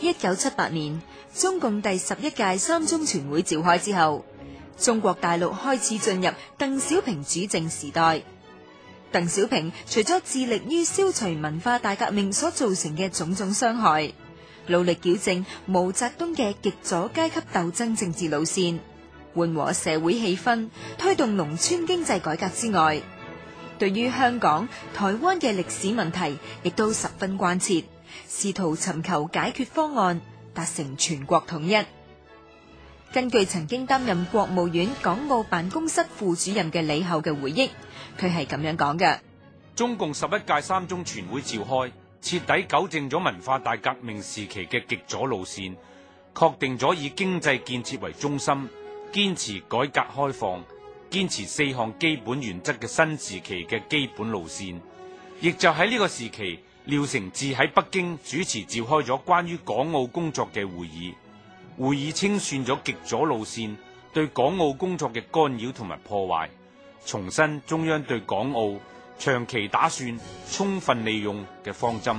一九七八年，中共第十一屆三中全會召開之後，中國大陸開始進入鄧小平主政時代。鄧小平除咗致力於消除文化大革命所造成嘅種種傷害，努力矯正毛澤東嘅極左階級鬥爭政治路線，緩和社會氣氛，推動農村經濟改革之外，對於香港、台灣嘅歷史問題，亦都十分關切。試圖尋求解決方案，達成全國統一。根據曾經擔任國務院港澳辦公室副主任嘅李后嘅回憶，佢係咁樣講嘅：中共十一屆三中全會召開，徹底糾正咗文化大革命時期嘅極左路線，確定咗以經濟建設為中心，堅持改革開放，堅持四項基本原則嘅新時期嘅基本路線。亦就喺呢個時期。廖承志喺北京主持召開咗關於港澳工作嘅會議，會議清算咗極左路綫對港澳工作嘅干擾同埋破壞，重申中央對港澳長期打算充分利用嘅方針。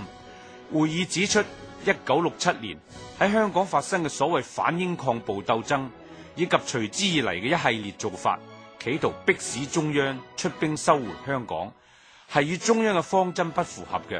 會議指出，一九六七年喺香港發生嘅所謂反英抗暴鬥爭以及隨之而嚟嘅一系列做法，企圖迫使中央出兵收回香港，係與中央嘅方針不符合嘅。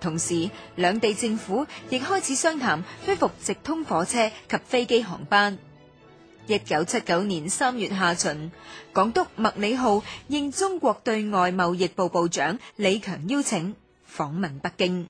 同時，兩地政府亦開始商談恢復直通火車及飛機航班。一九七九年三月下旬，港督麥理浩應中國對外貿易部部長李強邀請訪問北京。